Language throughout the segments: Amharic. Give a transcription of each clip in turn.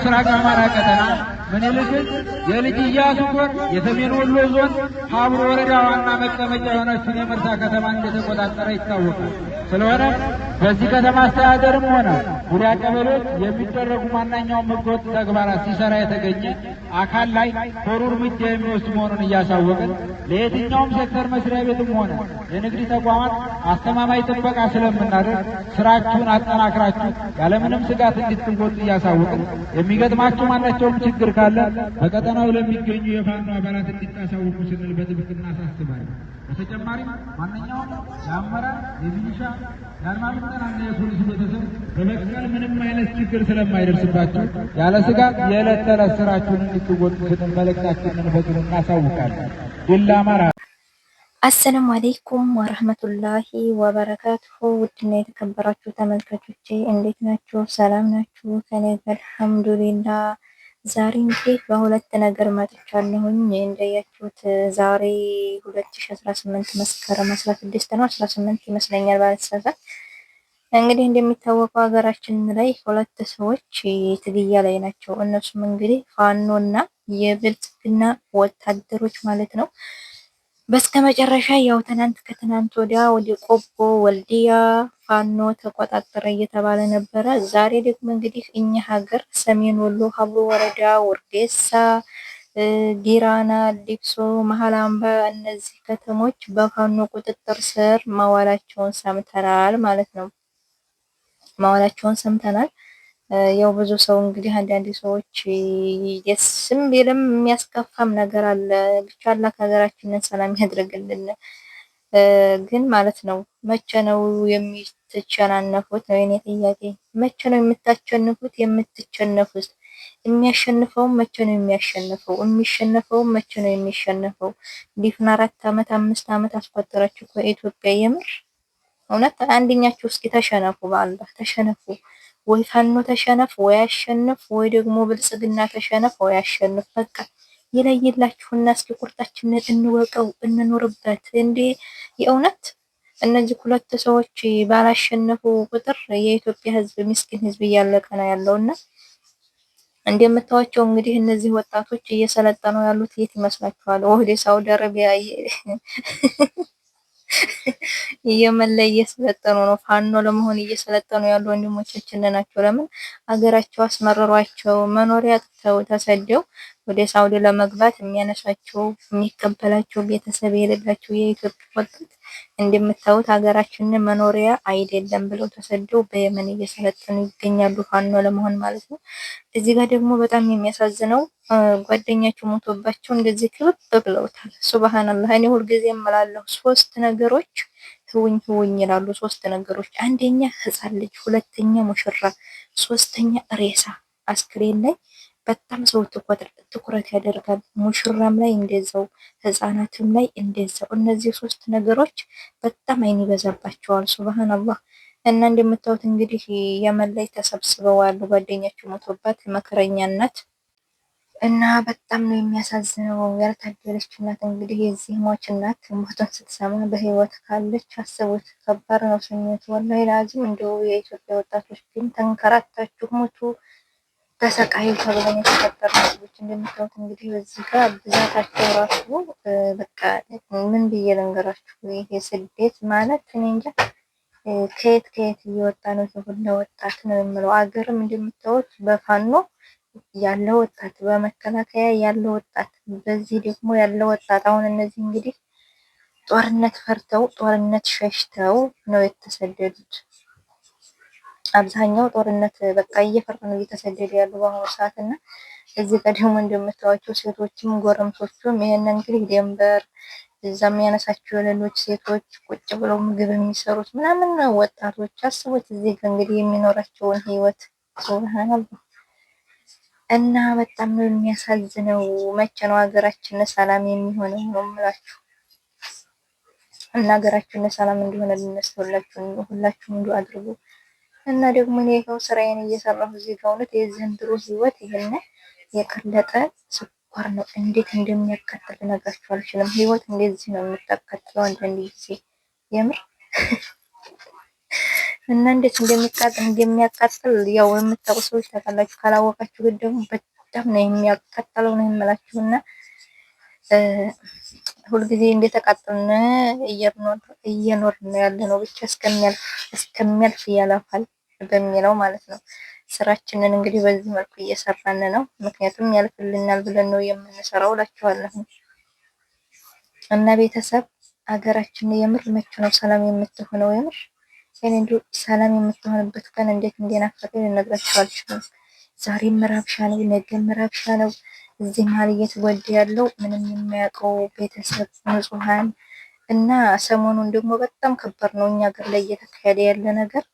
दूसरा का हमारा कतना ምኒልክን የልጅ ኢያሱ ኮር የሰሜን ወሎ ዞን ሀብሮ ወረዳ ዋና መቀመጫ የሆነችን የመርሳ ከተማ እንደተቆጣጠረ ይታወቃል። ስለሆነ በዚህ ከተማ አስተዳደርም ሆነ ጉሪያ ቀበሌዎች የሚደረጉ ማናኛውም ህገወጥ ተግባራት ሲሰራ የተገኘ አካል ላይ ጦሩ እርምጃ የሚወስድ መሆኑን እያሳወቅን ለየትኛውም ሴክተር መስሪያ ቤትም ሆነ የንግድ ተቋማት አስተማማኝ ጥበቃ ስለምናደርግ ስራችሁን አጠናክራችሁ ያለምንም ስጋት እንድትወጡ እያሳወቅን የሚገጥማችሁ ማናቸውም ችግር ካለ በቀጠናው ለሚገኙ የፋኖ አባላት እንዲታሳውቁ ስንል በጥብቅ እናሳስባለን። በተጨማሪም ማንኛውም የአመራር የሚሊሻ፣ የአድማ ብተናና የፖሊስ ቤተሰብ በበቀል ምንም አይነት ችግር ስለማይደርስባቸው ያለ ስጋት የዕለት ተዕለት ስራችሁን እንድትወጡ ስንል መልእክታችን እንፈጥሩ እናሳውቃለን። ድል አማራ! አሰላሙ አሌይኩም ወረህመቱላሂ ወበረካቱሁ። ውድና የተከበራችሁ ተመልካቾቼ እንዴት ናችሁ? ሰላም ናችሁ? ከኔ አልሐምዱሊላህ ዛሬ እንግዲህ በሁለት ነገር መጥቻለሁኝ እንደያችሁት ዛሬ 2018 መስከረም 16 ነው 18 ይመስለኛል ባለተሳሳት። እንግዲህ እንደሚታወቀው ሀገራችን ላይ ሁለት ሰዎች ትግያ ላይ ናቸው። እነሱም እንግዲህ ፋኖና የብልጽግና ወታደሮች ማለት ነው። በስከ መጨረሻ ያው ትናንት ከትናንት ወዲያ ወደ ቆቦ ወልዲያ ፋኖ ተቆጣጠረ እየተባለ ነበረ። ዛሬ ደግሞ እንግዲህ እኛ ሀገር ሰሜን ወሎ ሀብሮ ወረዳ ወርጌሳ፣ ጊራና፣ ሊብሶ፣ መሀል አምባ እነዚህ ከተሞች በፋኖ ቁጥጥር ስር ማዋላቸውን ሰምተናል ማለት ነው። መዋላቸውን ሰምተናል። ያው ብዙ ሰው እንግዲህ አንዳንድ ሰዎች ደስም ቢልም የሚያስከፋም ነገር አለ። ብቻ አላህ ሀገራችንን ሰላም ያድርግልን። ግን ማለት ነው መቼ ነው የምትቸናነፉት? ነው የኔ ጥያቄ። መቼ ነው የምታቸንፉት? የምትቸነፉት? የሚያሸንፈውም መቼ ነው የሚያሸንፈው? የሚሸነፈውም መቼ ነው የሚሸነፈው? ዲፍን አራት ዓመት አምስት ዓመት አስቆጠራችሁ ከኢትዮጵያ የምር እውነት አንደኛችሁ እስኪ ተሸነፉ፣ በአላህ ተሸነፉ። ወይ ፋኖ ተሸነፍ ወይ አሸንፍ ወይ ደግሞ ብልጽግና ተሸነፍ ወይ አሸንፍ። በቃ ይለይላችሁና እስኪ ቁርጣችንን እንወቀው እንኖርበት። እንዴ የእውነት እነዚህ ሁለት ሰዎች ባላሸነፉ ቁጥር የኢትዮጵያ ሕዝብ ምስኪን ሕዝብ እያለቀ ነው ያለውና እንደምታዋቸው እንግዲህ እነዚህ ወጣቶች እየሰለጠኑ ያሉት የት ይመስላችኋል? ወደ ሳውዲ አረቢያ የመን እየሰለጠኑ ነው። ፋኖ ለመሆን እየሰለጠኑ ያሉ ወንድሞቻችን ናቸው። ለምን አገራቸው አስመረሯቸው፣ መኖሪያ አጥተው ተሰደው ወደ ሳውዲ ለመግባት የሚያነሳቸው የሚቀበላቸው ቤተሰብ የሌላቸው የኢትዮጵያ ወጣት እንደምታዩት ሀገራችንን መኖሪያ አይደለም ብለው ተሰደው በየመን እየሰለጠኑ ይገኛሉ። ፋኖ ለመሆን ማለት ነው። እዚህ ጋር ደግሞ በጣም የሚያሳዝነው ጓደኛቸው ሞቶባቸው እንደዚህ ክብብ ብለውታል። ሱብሃንአላህ። እኔ ሁልጊዜ እምላለሁ ሶስት ነገሮች ህውኝ ህውኝ ይላሉ። ሶስት ነገሮች፣ አንደኛ ህፃን ልጅ፣ ሁለተኛ ሙሽራ፣ ሶስተኛ ሬሳ አስክሬን ላይ በጣም ሰው ትኩረት ያደርጋል። ሙሽራም ላይ እንደዛው፣ ህፃናትም ላይ እንደዛው። እነዚህ ሶስት ነገሮች በጣም አይን ይበዛባቸዋል። ሱብሃን አላህ እና እንደምታዩት እንግዲህ የመን ላይ ተሰብስበዋል። ጓደኛቸው ሞቶባት መከረኛ እናት እና በጣም ነው የሚያሳዝነው። ያልታደለች እናት እንግዲህ የዚህ ሟች እናት ሞቷን ስትሰማ በህይወት ካለች አስቡት። ከባድ ነው ስሜቱ ወላሂ ላዚም። እንዲሁ የኢትዮጵያ ወጣቶች ግን ተንከራታችሁ ሞቱ። ተሰቃዩ ተብለን የተፈጠሩ ህዝቦች እንደምታዩት እንግዲህ በዚህ ጋር ብዛታቸው ራሱ በቃ ምን ብዬ ልንገራችሁ? ይሄ ስደት ማለት እኔ እንጃ ከየት ከየት እየወጣ ነው የሁላ ወጣት ነው የምለው። አገርም እንደምታዩት በፋኖ ያለ ወጣት፣ በመከላከያ ያለ ወጣት፣ በዚህ ደግሞ ያለ ወጣት። አሁን እነዚህ እንግዲህ ጦርነት ፈርተው ጦርነት ሸሽተው ነው የተሰደዱት። አብዛኛው ጦርነት በቃ እየፈሩ ነው እየተሰደዱ ያሉ በአሁኑ ሰዓት እና እዚህ ጋር ደግሞ እንደምታዋቸው ሴቶችም ጎረምሶቹም ይህን እንግዲህ ደንበር እዛ የሚያነሳቸው የሌሎች ሴቶች ቁጭ ብለው ምግብ የሚሰሩት ምናምን ነው። ወጣቶች አስቦት እዚህ ጋር እንግዲህ የሚኖራቸውን ህይወት እና በጣም ነው የሚያሳዝነው። መቼ ነው ሀገራችን ሰላም የሚሆነው ነው የምላችሁ። እና ሀገራችን ሰላም እንዲሆነ ልነስተውላችሁ ሁላችሁም እንዲ አድርጉ። እና ደግሞ እኔ ይኸው ስራዬን እየሰራሁ እዚህ ጋር እውነት የዘንድሮ ህይወት ይሄን የቀለጠ ስኳር ነው። እንዴት እንደሚያካትል ልነግራችሁ አልችልም። ህይወት እንደዚህ ነው የምታካትለው አንዳንድ ጊዜ የምር እና እንዴት እንደሚቃጥል እንደሚያቃጥል ያው የምታውቁ ሰዎች ታውቃላችሁ። ካላወቃችሁ ግን ደግሞ በጣም ነው የሚያቃጥለው ነው የምላችሁና ሁልጊዜ እንደተቃጠልን እየኖርን ያለ ነው። ብቻ እስከሚያልፍ ያለፋል በሚለው ማለት ነው። ስራችንን እንግዲህ በዚህ መልኩ እየሰራን ነው። ምክንያቱም ያልፍልናል ብለን ነው የምንሰራው እላችኋለሁ። እና ቤተሰብ አገራችን የምር መቼ ነው ሰላም የምትሆነው? የምር ሰላም የምትሆንበት ቀን እንዴት እንደናፈቀኝ ልነግራችሁ አልችልም። ዛሬ መራብሻ ነው፣ ነገ መራብሻ ነው። እዚህ መሀል እየተጎዳ ያለው ምንም የማያውቀው ቤተሰብ ንጹሐን እና ሰሞኑን ደግሞ በጣም ከባድ ነው። እኛ ሀገር ላይ እየተካሄደ ያለ ነገር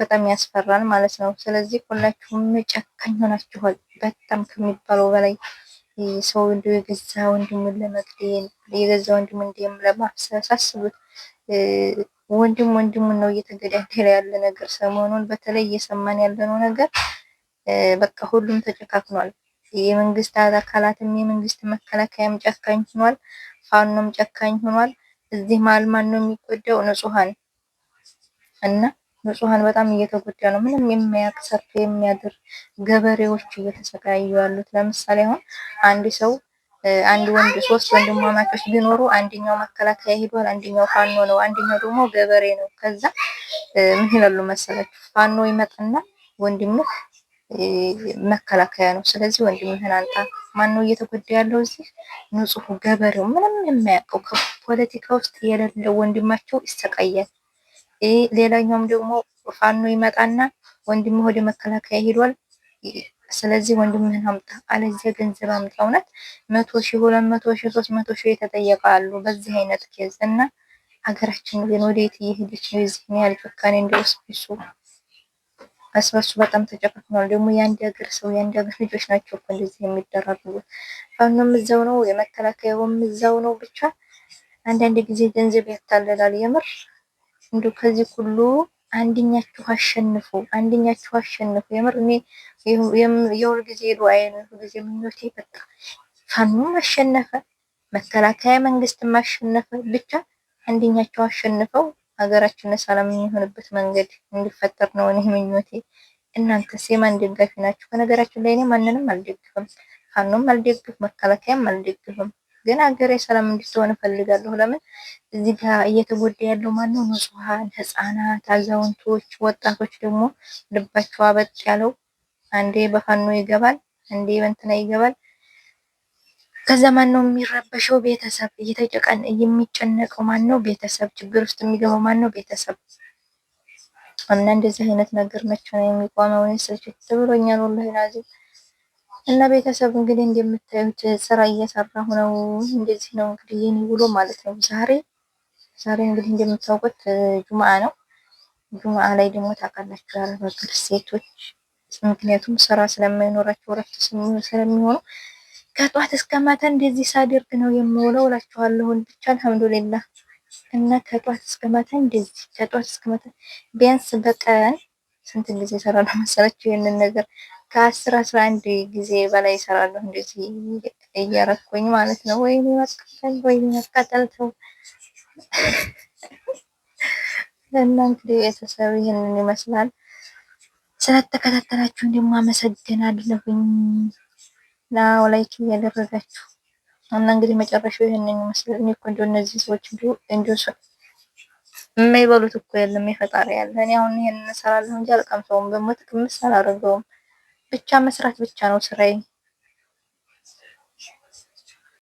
በጣም ያስፈራል ማለት ነው። ስለዚህ ሁላችሁም ጨካኝ ሆናችኋል በጣም ከሚባለው በላይ ሰው እንዲ የገዛ ወንድሙን ለመግደል የገዛ ወንድሙ እንዲም ለማፍሰስ አስቡት። ወንድም ወንድሙን ነው እየተገዳደለ ያለ ነገር ሰሞኑን በተለይ እየሰማን ያለነው ነገር በቃ ሁሉም ተጨካክኗል። የመንግስት አካላትም የመንግስት መከላከያም ጨካኝ ሆኗል። ፋኖም ጨካኝ ሆኗል። እዚህ መሀል ማን ነው የሚጎዳው? ንጹሃን እና ንጹሃን በጣም እየተጎዳ ነው። ምንም የሚያውቅ ሰርቶ የሚያድር ገበሬዎች እየተሰቃዩ ያሉት። ለምሳሌ አሁን አንድ ሰው አንድ ወንድ ሶስት ወንድማማቾች ቢኖሩ አንደኛው መከላከያ ሄዷል፣ አንደኛው ፋኖ ነው፣ አንደኛው ደግሞ ገበሬ ነው። ከዛ ምን ይላሉ መሰላችሁ? ፋኖ ይመጣና ወንድምህ መከላከያ ነው። ስለዚህ ወንድምህን አንጣ። ማን ነው እየተጎዳ ያለው እዚህ? ንጹሑ ገበሬው ምንም የማያውቀው ከፖለቲካ ውስጥ የሌለው ወንድማቸው ይሰቃያል። ሌላኛውም ደግሞ ፋኖ ይመጣና ወንድም ወደ መከላከያ ሄዷል፣ ስለዚህ ወንድምህን አምጣ፣ አለዚያ ገንዘብ አምጣ። እውነት መቶ ሺ ሁለት መቶ ሺ ሶስት መቶ ሺ የተጠየቀ አሉ በዚህ አይነት ኬዝ እና ሀገራችን ግን ወደየት እየሄደች ነው? የዚህን ያህል ጭካኔ እንደ አስበሱ በጣም ተጨቅጭቀዋል። ደግሞ የአንድ ሀገር ሰው የአንድ ሀገር ልጆች ናቸው እኮ እንደዚህ የሚደራረጉት። ፋኖም እዛው ነው፣ የመከላከያውም እዛው ነው። ብቻ አንዳንድ ጊዜ ገንዘብ ያታለላል። የምር እንዲ ከዚህ ሁሉ አንድኛችሁ አሸንፉ፣ አንድኛችሁ አሸንፉ። የምር እኔ የሁል ጊዜ ሄዱ አይነት ጊዜ ምኞቴ በቃ ፋኖም አሸነፈ፣ መከላከያ መንግስትም አሸነፈ። ብቻ አንድኛቸው አሸንፈው ሀገራችን ሰላም የሚሆንበት መንገድ እንዲፈጠር ነው እኔ ምኞቴ። እናንተስ የማን ደጋፊ ናችሁ? በነገራችን ላይ እኔ ማንንም አልደግፍም፣ ፋኖም አልደግፍ፣ መከላከያም አልደግፍም። ግን ሀገሬ ሰላም እንድትሆን እፈልጋለሁ። ለምን እዚህ ጋር እየተጎዳ ያለው ማነው? ንጹሐን ህፃናት፣ አዛውንቶች፣ ወጣቶች ደግሞ ልባቸው አበጥ ያለው አንዴ በፋኖ ይገባል፣ አንዴ በእንትና ይገባል። ከዛ ማን ነው የሚረበሸው? ቤተሰብ እየተጨቀን የሚጨነቀው ማን ነው? ቤተሰብ ችግር ውስጥ የሚገባው ማን ነው? ቤተሰብ እና እንደዚህ አይነት ነገር መቼ ነው የሚቆመው? ስልችት ብሎኛል ወላሂ ላዚም እና ቤተሰብ እንግዲህ እንደምታዩት ስራ እየሰራሁ ነው። እንደዚህ ነው እንግዲህ የኔ ውሎ ማለት ነው። ዛሬ ዛሬ እንግዲህ እንደምታውቁት ጁማአ ነው። ጁማአ ላይ ደግሞ ታውቃላችሁ ያለ ነገር ሴቶች ምክንያቱም ስራ ስለማይኖራቸው እረፍት ስለሚሆኑ ከጧት እስከ ማታ እንደዚህ ሳደርግ ነው የምውለው እላችኋለሁን። ብቻ አልሐምዱሊላህ እና ከጧት እስከ ማታ እንደዚህ ከጧት እስከ ማታ ቢያንስ በቀን ስንት ጊዜ እሰራለሁ መሰላችሁ? ይሄንን ነገር ከአስር አስራ አንድ ጊዜ በላይ እሰራለሁ እንደዚህ እያረኩኝ ማለት ነው። ወይኔ መቃጠል፣ ወይኔ መቃጠል ተው። እና እንግዲህ ቤተሰብ ይህንን ይመስላል። ስለተከታተላችሁ ደግሞ አመሰግናለሁኝ። ላው ላይክ እያደረጋችሁ እና እንግዲህ መጨረሻው ይሄንን ይመስላል። እኔ እኮ እንደው እነዚህ ሰዎች እንደው እንደው የማይበሉት እኮ የለም የፈጣሪ ያለ። እኔ አሁን ይሄንን እሰራለሁ እንጂ አልቀምሰውም፣ በሞት ቅምስ አላደርገውም። ብቻ መስራት ብቻ ነው ስራዬ።